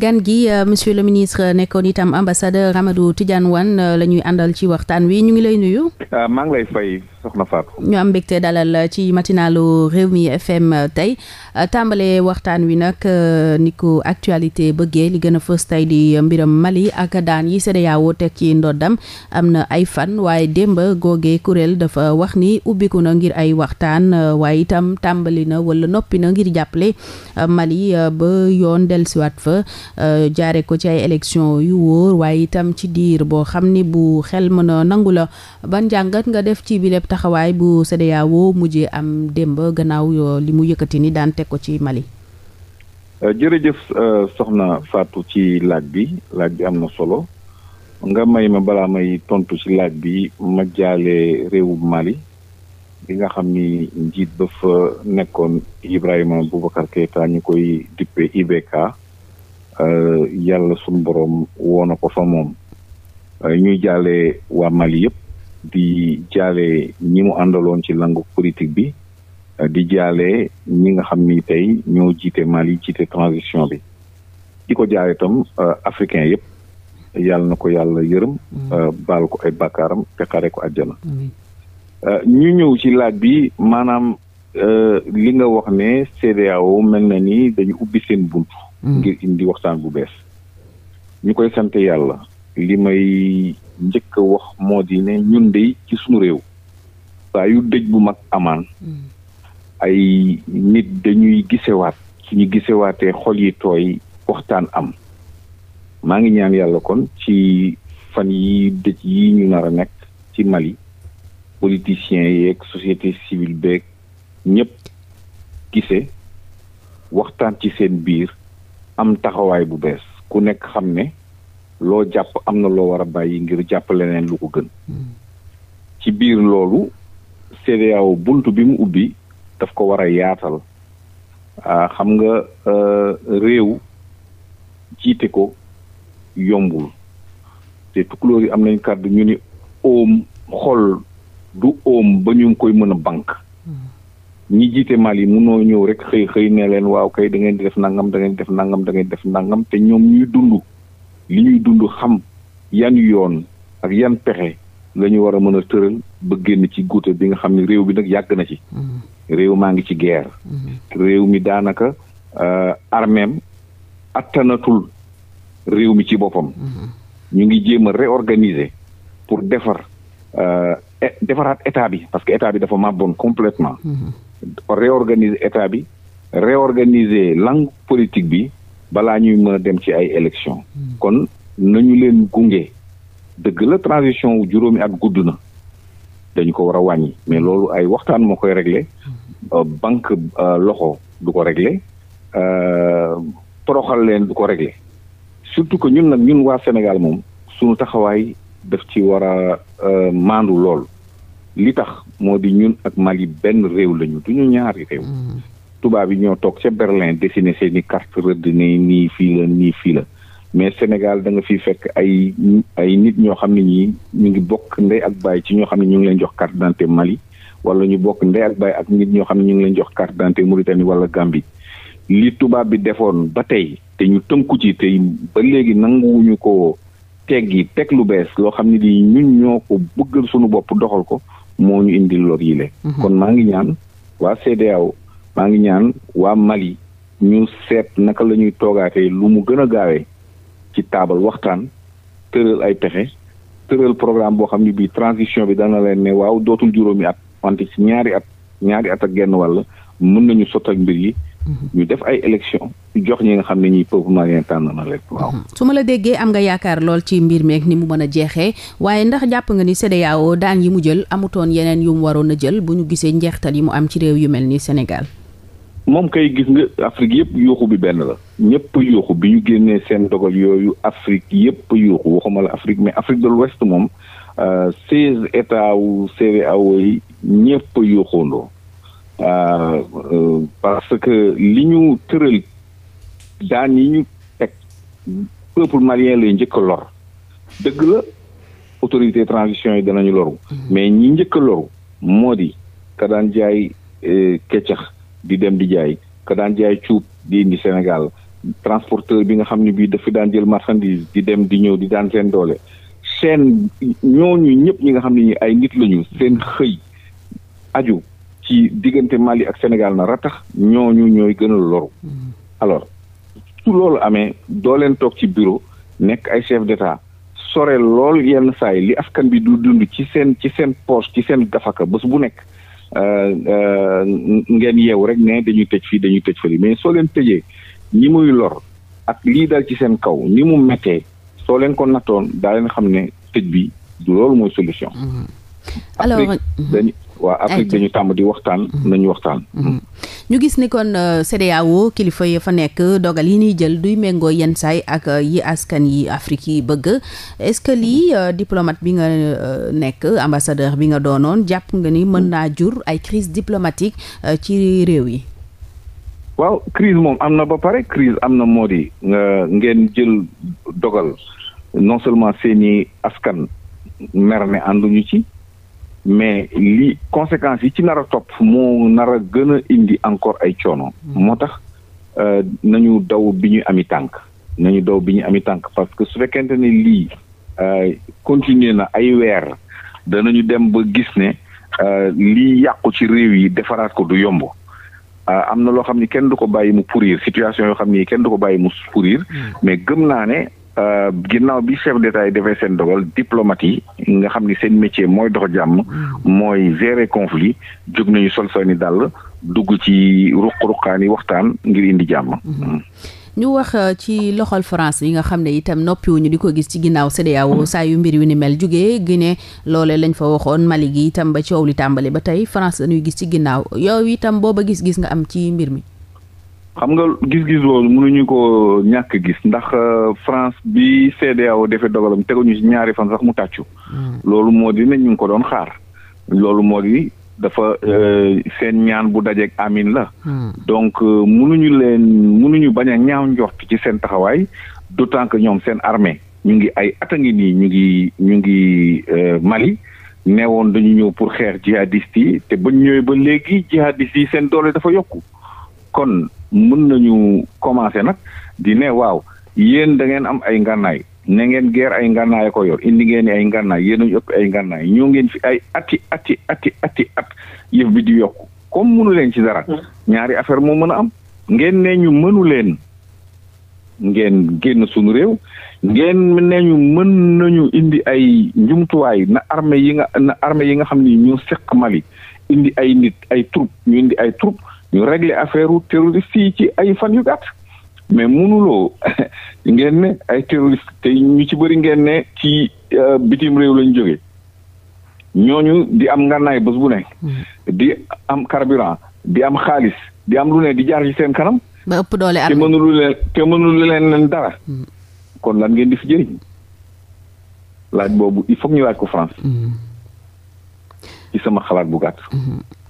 gan gi euh, monsieur le ministre euh, nekkoon itam ambassadeur Amadou Tidiane Wane euh, la ñuy àndal ci waxtaan wi ñu ngi lay nuyu. Ah, maa lay fay. soxna Fatou. ñu am mbégte dalal ci réew mi FM tey tàmbale waxtaan wi nag euh, ni ko actualité bëggee li gën a fës tey di mbiram Mali ak daan yi CEDEAO teg ci ndoddam am na ay fan waaye démb googe kuréel dafa wax ni ubbiku na ngir ay waxtaan euh, waaye itam tàmbali na wala noppi na ngir jàppale euh, Mali ba yoon dellusiwaat fa jaare ko ci ay élection yu wóor waaye itam ci diir boo xam ni bu xel mën nangu la ban jàngat nga def ci bi taxawaay bu CEDEAO mujjee am démb gannaaw li mu yëkkati ni daan teg ko ci Mali. Euh, jërëjëf euh, soxna Fatou ci laaj bi laaj bi am na solo nga may ma balaa may tontu ci laaj bi ma jaale réewum Mali bi nga xam ni njiit ba fa nekkoon Ibrahima Boubacar Keita ñu koy dippe IBK euh, yàlla sunu borom woo na ko fa moom ñuy jaale waa Mali yëpp. di jaale ñi mu àndaloon ci langu politique bi euh, di jaale ñi nga xam ni tey ñoo jiite Mali jiite transition bi di ko jaale itam euh, africain yëpp yàlla na ko yàlla yërëm mm. euh, baal ko ay bàkkaaram te xare ko àjjana mm. ñu ñëw ci laaj bi maanaam li nga wax ne CEDEAO mel na ni dañu ubbi seen bunt mm. ngir indi waxtaan bu bees ñu koy sant yàlla li may njëkk a wax moo di ne ñun de ci sumu réew saa yu dëj bu mag amaan hmm. ay nit dañuy gisewaat suñu gisewaatee xol yi tooy waxtaan am maa ngi ñaan yàlla kon ci fan yi dëj yi ñu nar a nekk ci Mali politiciens yeek société civile beeg ñépp gise waxtaan ci seen biir am taxawaay bu bees ku nekk xam ne loo jàpp am na loo war a bàyyi ngir jàpp leneen lu ko gën ci biir loolu CEDEAO bunt bi mu ubbi daf ko war a yaatal ah, xam nga euh, réew jiite ko yombul te tukulóor yi am nañ kàddu ñu ni oom xool du oom ba ñu koy mën a bank ñi jiite Mali munoo ñëw rek xëy xëy ne leen waaw kay da def nangam da def nangam da def nangam te ñoom ñuy dund li ñuy dund xam yan yoon ak yan pexe la ñu war a mën a tëral ba génn ci guute bi nga xam ne réew bi nag yàgg na ci. Mm-hmm. réew maa ngi ci guerre. Mm-hmm. réew mi daanaka euh, armeem attanatul réew mi ci boppam. Mm-hmm. ñu ngi jéem a réorganiser pour defar euh, defaraat état bi parce que état bi dafa màbboon complètement organiser état bi réorganiser langue politique bi. balaa ñuy mën dem ci ay élections. Hmm. kon nañu leen gunge dëgg la transition juróomi ak gudd na dañu ko war a wàññi mais loolu ay waxtaan moo koy régler hmm. euh, banque euh, loxo du ko régler euh, toroxal leen du ko régler surtout que ñun nag ñun waa Sénégal moom suñu taxawaay daf ci war a maandu lool li tax moo di ñun ak Mali benn réew lañu duñu ñaari réew. Hmm. tubaab yi ñoo toog ca Berlin dessiné seen i carte rëdd ne nii fii la nii fii la mais Sénégal da nga fiy fekk ay ay nit ñoo xam ne ñii ñu ngi bokk ndey ak baay ci ñoo xam ne ñu ngi leen jox carte dante Mali wala ñu bokk ndey ak baay ak nit ñoo xam ne ñu ngi leen jox carte d'identité Mauritanie wala Gambie li tubaab bi defoon ba tey te ñu tënku ci te ba léegi nanguwuñu ko teggi teg lu bees loo xam ne di ñun ñoo ko bëggal suñu bopp doxal ko moo ñu indil lor yi le mhm. kon maa ngi ñaan waa Mali ñu seet naka la ñuy toogaatee lu mu gën a gaawee ci taabal waxtaan tëral ay pexe tëral programme boo xam ne bii transition bi dana leen ne waaw dootul juróomi at wante ci ñaari at ñaari at ak genn wàll mën nañu sottal mbir yi. Mhm. ñu def ay élection jox ñi nga xam ne ñii peuple malien tànn na leen waaw. Mhm. su ma la déggee am nga yaakaar lool ci mbir meek ni mu mën a jeexee waaye ndax jàpp nga ni CEDEAO daan yi mu jël amutoon yeneen yu mu waroon a jël bu ñu gisee njeextal yi mu am ci réew yu mel ni Sénégal. moom kay gis nga Afrique yëpp yuuxu bi benn la ñëpp yuuxu bi ñu génnee seen dogal yooyu Afrique yëpp yuuxu waxuma la Afrique mais Afrique de l'Ouest moom euh, seize états wu CEDEAO yi ñëpp yuuxoondoo euh, euh, parce que li ñu tëral daan yi ñu teg peuple malien lay njëkk a lor dëgg la autorité transition yi danañu loru mm-hmm. mais ñi njëkk loru moo ka daan jaay keccax di dem di jaay ka daan jaay cuub di indi Sénégal transporteur bi nga xam ne bii dafa daan jël marchandise di dem di ñëw di daan seen doole seen ñooñu ñëpp ñi nga xam ne ñi ay nit lañu seen xëy aju ci diggante Mali ak Sénégal na ratax ñooñu ñooy gën a loru mm-hmm. alors su loolu amee doo toog ci bureau nekk ay chef d'état sore lool yenn saay li askan bi du dund ci seen ci seen poche ci seen gafaka bés bu nekk Euh, euh, ngeen yeewu rek ne dañuy tëj fii dañuy tëj fële mais soo leen tëjee ñi muy lor ak lii dal ci seen kaw ni mu mettee soo leen ko nattoon daa leen xam ne tëj bi loolu mooy solution. Mm-hmm. alors mm-hmm. dañuy waa Afrique dañu tàmm di waxtaan mhm. nañu waxtaan mhm. ñu gis ni kon euh, CEDEAO kilifa yi fa nekk dogal yi ñuy jël duy méngoo yenn saay ak euh, yi askan yi Afrique yi bëgg est-ce que lii euh, diplomate bi nga nekk ambassadeur bi nga doonoon jàpp nga ni mën naa jur ay crise diplomatique ci réew yi waaw crise moom am na ba pare crise am na moo di nga ngeen jël dogal non seulement seeni askan mer ne ànduñu ci mais li conséquences yi ci nar a topp moo nar a gën a indi encore ay coono. moo tax euh, nañu daw bi ñu ami tànk nañu daw bi ñu ami tànk parce que su fekkente ne lii euh, continuer na ay weer danañu dem ba gis ne euh, lii yàqu ci réew yi defaraat ko du yomb. am na loo xam ni kenn du ko bàyyi mu pourrir situation yoo xam ni kenn du ko bàyyi mu pourrir mm. mais gëm naa ne Euh, ginnaaw bi chef d'état yi defee seen dogal diplomate yi nga xam ni seen métier mooy dox jàmm mooy gérer conflit jóg nañu sol seeni dàll dugg ci ruq-ruqaan waxtaan ngir indi jàmm mhm. ñu wax euh, ci loxol France yi nga xam ne itam noppiwuñu di ko gis ci ginnaaw CEDEAO mhm. saa yu mbir yu ni mel jógee Guinée loole lañ fa waxoon Mali gi itam ba coow li tàmbali ba tey France dañuy gis ci ginnaaw yow itam booba gis-gis nga am ci mbir mi xam nga gis-gis loolu mënuñu ko ñàkk gis ndax euh, France bi aw defee dogalam teguñu ci ñaari fan sax mu tàccu. Hmm. loolu moo di ne ñu ngi ko doon xaar. loolu moo di dafa euh, seen ñaan bu dajeeg amin la. Hmm. donc euh, mënuñu leen mënuñu bañ a ñaaw njort ci seen taxawaay du d'autant que ñoom seen armée ñu ngi ay at ngi nii ñu ngi ñu ngi Mali. neewoon dañu ñëw pour xeex jihadistes yi te bañ ñëwee ba léegi jihadistes yi seen doole dafa yokk kon. mën nañu commencé nag di ne waaw yéen da ngeen am ay ngànnaay ne ngeen geer ay ngànnaay ko yor indi ngeen ay ngànnaay yéen ñu ëpp ay ngànnaay ñoo ngeen fi ay ati ati ati ati at yëf bi yokk yokku comme mënu leen ci dara. Hmm. ñaari affaire moo mën a am. ngeen ne ñu mënu leen ngeen génn suñu réew ngeen ne ñu mën nañu indi ay njumtuwaay na armée yi nga na armée yi nga xam ni ñu seq Mali indi ay nit ay troupe ñu indi ay troupe ñu régler affaire u terroriste fii ci ay fan yu gàtt mais mënuloo ngeen ne ay terroriste te ñu ci bëri ngeen ne ci euh, bitim réew lañu jóge ñooñu di am ngànnaay bés bu ne mm-hmm. di am carburant di am xaalis di am lu ne di jaar ci seen kanam ba ëpp doole te te mënulu leen leen dara mm-hmm. kon lan ngeen di fi jëriñ laaj boobu il faut ñu laaj ko France mm-hmm. ci sama xalaat bu gàtt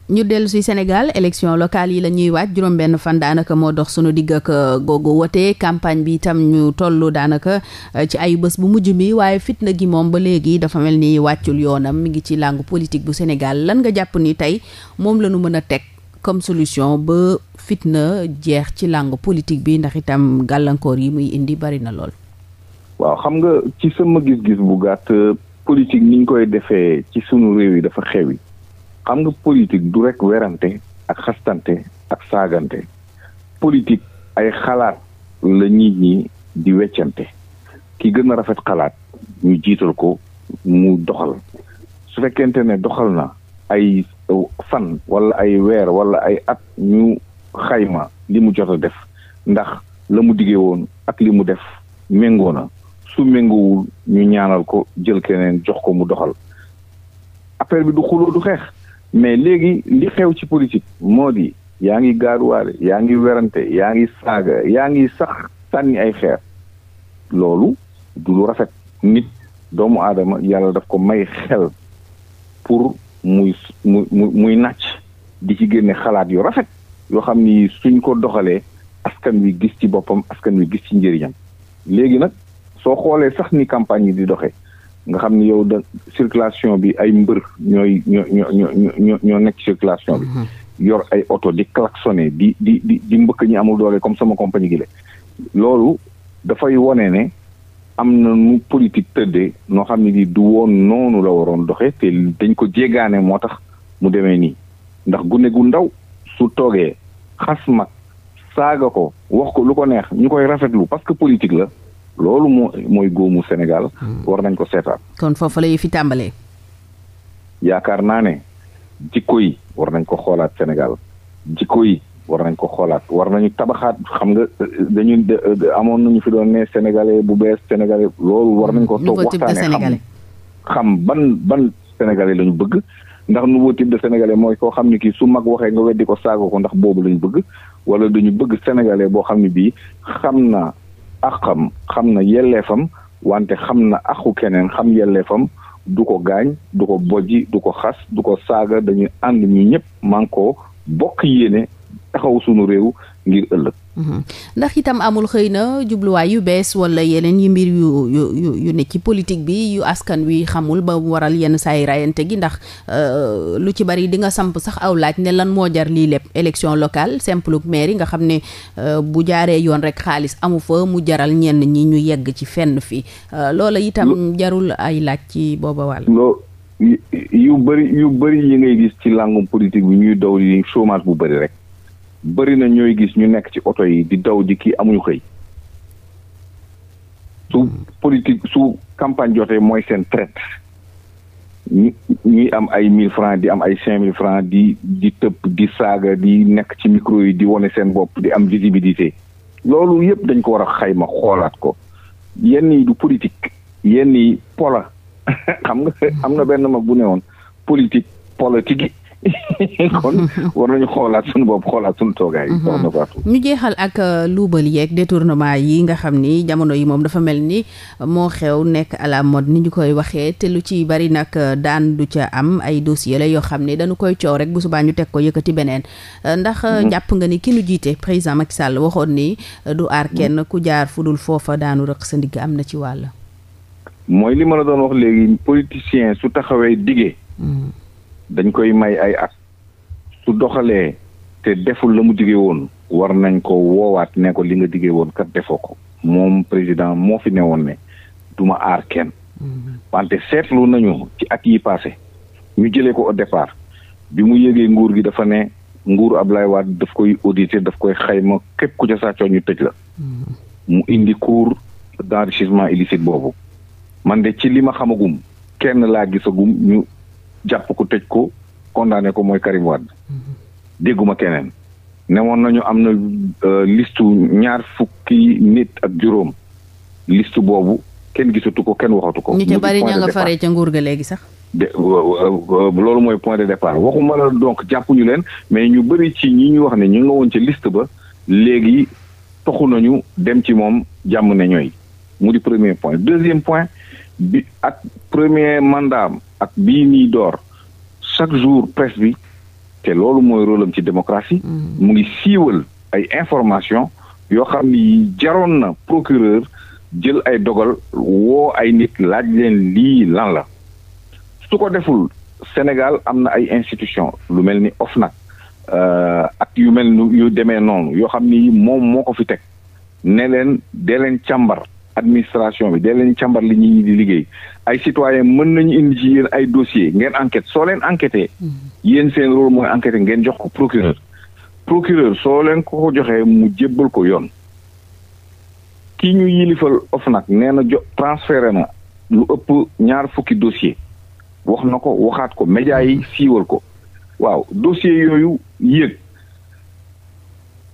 ñu dellu si Sénégal élection locale yi la ñuy waaj juróom-benn fan daanaka moo dox sunu digg ak euh, googu wote campagne bi itam ñu toll daanaka euh, ci ay bés bu mujj bi waaye fitna gi moom ba léegi dafa mel ni wàccul yoonam mi ngi ci langue politique bu Sénégal lan nga jàpp ni tey moom la ñu mën a teg comme solution ba fitna jeex ci langue politique bi ndax itam gàllankoor yi muy indi bari na lool. waaw xam nga ci sama gis-gis bu gàtt euh, politique niñ koy defee ci xam nga politique du rek werante ak xastante ak saagante politik ay xalaat la nit ñi di weccante ki gën a rafet xalaat ñu jiital ko mu doxal su fekkente ne doxal na ay fan walla ay weer wala ay at ñu xayma li mu jot def ndax la mu diggee woon ak li mu def méngoo na su méngoowul ñu ñaanal ko jël keneen jox ko mu doxal affaire bi du xuloo du xeex mais léegi li xew ci politique moo di yaa ngi gaaruwaale yaa ngi werante yaa ngi saaga yaa ngi sax sànni ay xeer loolu du lu rafet nit doomu aadama yàlla daf ko may xel pour muy muy muy nàcc di ci génne xalaat yu rafet yoo xam ni suñ ko doxalee askan wi gis ci boppam askan wi gis ci njëriñam léegi nag soo xoolee sax ni campagne yi di doxee nga xam ni yow da circulation bi ay mbër ñooy ñoo ñoo ñoo ñoo nekk circulation bi. Mhm. yor ay oto di klaxonné di di di mbëkk ñi amul doole comme sama compagnie gi la. loolu dafay wone ne am na nu politique tëddee noo xam ne di du woon noonu la waroon doxee te dañ ko jéegaane moo tax mu demee nii ndax gune gu ndaw su toogee xas mag saaga ko wax ko lu ko neex ñu koy rafetlu parce que politique la. loolu moo mooy góomu Sénégal. Hmm. war nañ ko seetaat. kon foofu la fi tàmbalee. yaakaar naa ne jikko yi war nañ ko xoolaat Sénégal jikko yi war nañ ko xoolaat war nañu tabaxaat xam nga dañu amoon nañu fi doon ne sénégalais bu bees war nañ ko hmm. toog waxtaanee xam ban ban sénégalais lañu bëgg ndax nouveau type de sénégalais mooy koo xam ne kii su mag waxee nga weddi ko saago ko ndax boobu lañu bëgg wala dañu bëgg sénégalais boo xam ne bii naa àqam xam na yelefam wante xam na àqu keneen xam yelefam du ko gaañ du ko bojji du ko xas du ko saaga dañuy ànd ñu ñëpp man ko bokk yéene taxaw sunu réew ngir ëllëg. Mhm. ndax itam amul xëy na jubluwaay yu bees wala yeneen yi mbir yu yu yu ne ci politique bi yu askan wi xamul ba waral yenn saa yi gi ndax euh, lu ci bari di nga samp sax aw laaj ne lan moo jar lii lépp élection locale simple maire yi nga xam ne euh, bu jaaree yoon rek xaalis amu fa mu jaral ñenn ñi ñu yegg ci fenn fi euh, loola itam jarul ay laaj ci booba wàll. yu bëri yu bëri yi ngay gis ci làngum politique bi ñuy daw li chômage bu bëri rek. bëri na ñooy gis ñu nekk ci oto yi di daw di kii amuñu xëy su hmm. politique su campagne jotee mooy seen traite ñu ñuy am ay mille francs di am ay cinq mille francs di di tëpp di saaga di nekk ci micro yi di wane seen bopp di am visibilité loolu yëpp dañ ko war a xayma xoolaat ko yenn yi du politique yenn yi pola xam nga am na benn mag bu ne woon politique politique kon war nañu xoolaat suñu bopp xoolaat suñu toogaay. Mhm. ñu jeexal ak euh, luubal yeeg détournement yi nga xam ni jamono yi moom dafa mel ni moo xew nekk à la ni ñu koy waxee te lu ci bari nag euh, daan du ca am ay dossier la yoo xam ne dañu koy coow rek bu subaa ñu teg ko yëkkati beneen. Euh, ndax mhm. jàpp nga ni ki nu jiite président Macky Sall waxoon ni du aar mhm. kenn ku jaar fu dul foofa daanu rëq sa ndigg am na ci wàll. mooy li ma la doon wax léegi politicien su taxawee dañ koy may ay at su doxalee te deful la mu digee woon war nañ ko woowaat ne ko li nga digee woon kat defoo ko moom président moo fi newoon ne duma aar kenn mm-hmm. wante seetlu nañu ci at yi passé ñu jëlee ko au départ bi mu yëgee nguur gi dafa ne nguur Ablaye Wade daf koy auditer daf koy xayma képp ku ca ñu tëj la mm-hmm. mu indi cour d'enrichissement illicite boobu man de ci li ma xamagum kenn laa gisagum ñu jàpp ko tëj ko condamné ko mooy Karim Wade dégguma keneen newoon nañu am na euh, listu ñaar fukki nit ak juróom liste boobu kenn gisatu ko kenn waxatu ko. ñi ca bari ña nga faree ca nguur ga léegi sax. de euh, euh, loolu mooy point de départ waxuma la donc jàppuñu leen mais ñu bëri ci ñi ñu wax ne ñu nga woon ca liste ba léegi toxu nañu dem ci moom jàmm ne ñooy mu di premier point deuxième point bi ak premier mandat ak bii nii door chaque jour presse bi te loolu mooy rôle am ci démocratie mm-hmm. mu ngi siiwal ay information yoo xam ni jaroon na procureur jël ay dogal woo ay nit laaj leen lii lan la su ko deful Sénégal am na ay institution lu mel ni of nag OFNAC euh, ak yu mel yu demee noonu yoo xam ni moom moo ko fi teg ne leen dee leen càmbar administration bi dee leen càmbar li ñuy di liggéey ay citoyen mën nañu indi ci yéen ay dossier ngeen enquête soo leen enquêté mm-hmm. yéen seen rôle mooy enquêté ngeen jox ko procureur mm-hmm. procureur soo leen ko ko joxee mu jébbal ko yoon ki ñu yilifal OFNAC nee na jo transféré na lu ëpp ñaar fukki dossier wax na ko waxaat ko média yi mm-hmm. siiwal ko waaw dossier yooyu yéeg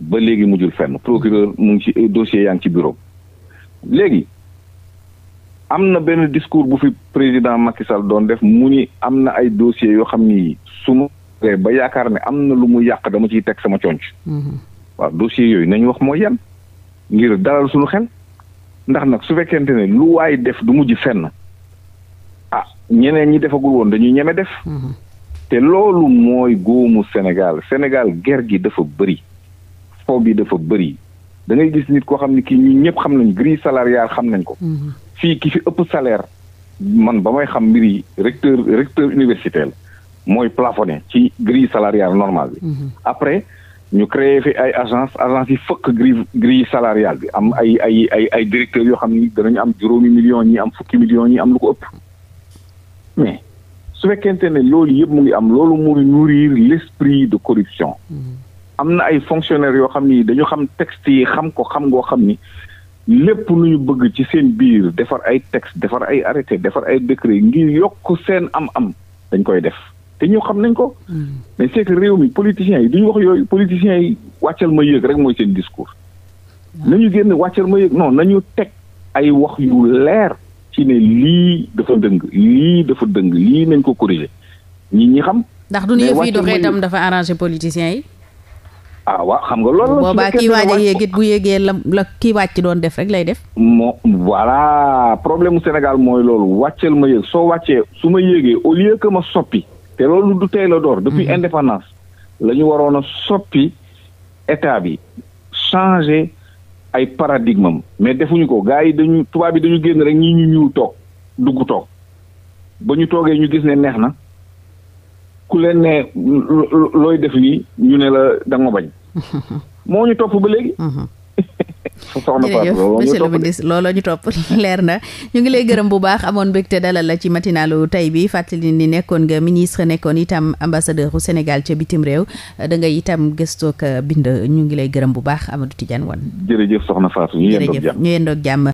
ba léegi mujjul fenn procureur mu ngi ci dossier yaa ngi ci bureau léegi am na benn discours bu fi président Macky Sall doon def mu ni am na ay dossiers yoo xam ni su ma ba yaakaar ne am na lu mu yàq dama ciy teg sama conc mhm. waaw dossiers yooyu nañu wax mooy yan ngir dalal suñu xel ndax nag su fekkente ne lu waay def du mujj fenn ah ñeneen ñi defagul woon dañuy ñeme def mhm. te loolu mooy góomu Sénégal Sénégal ger gi dafa bëri fo bi dafa bëri da ngay gis nit koo xam ne kii ñun ñëpp xam nañ grille salariale xam nañ ko. Mhm. fii ki fi ëpp salaire man ba mooy xam mbir yi recteur recteur universitaire mooy plafonné ci grille salariale normale bi. Mhm. après ñu créé fi ay agence agence yi fëkk grille grille salariale bi am ay ay ay ay directeurs yoo xam ni danañu am juróomi million ñi am fukki millions ñi am lu ko ëpp mais su fekkente ne loolu yëpp mu ngi am loolu mooy nourrir l'esprit de corruption. Mm -hmm. am na ay fonctionnaires yoo xam ni dañu xam text yi xam ko xam ngoo xam ni lépp lu ñu bëgg ci seen biir defar ay texte defar ay arrêté defar ay décret ngir yokk seen am-am dañ koy def te ñu xam nañ ko. Hmm. mais c'est que réew mi politiciens yi duñu wax yooyu politiciens yi wàccal ma yéeg rek mooy seen discours. nañu génn wàccal ma yëg non nañu teg ay wax yu leer ci ne lii dafa dëng lii dafa dëng lii nañ ko corriger ñi ñi xam. ndax du ñu yëf doxee tam dafa arrangé politiciens yi. ah waaw xam nga loolu. boobaa kii waaj a yéegit bu yéegee la la kii wàcc doon def rek lay def. moo voilà problème mu Sénégal mooy loolu wàcceel ma yéeg soo wàccee su ma yéegee au lieu que ma soppi te loolu du tey la door. depuis mhm. indépendance la ñu waroon a soppi état bi changer ay paradigme am mais defuñu ko gars yi dañu tubaab yi dañu génn rek ñii ñu ñuul toog dugg toog ba ñu toogee ñu gis ne neex na. ku leen ne looy def lii ñu ne la da bañ. moo ñu topp ba léegi. Mhm. soxna Fatou looloo ñu topp leer na ñu ngi gërëm bu baax amoon mbégte dalal la ci matinalu tey bi fàttali ni nekkoon nga ministre nekkoon itam ambassadeur u Sénégal ca bitim réew da ngay itam gëstoo ak ñu ngi lay gërëm bu baax Amadou Tidiane Wane. jërëjëf jàmm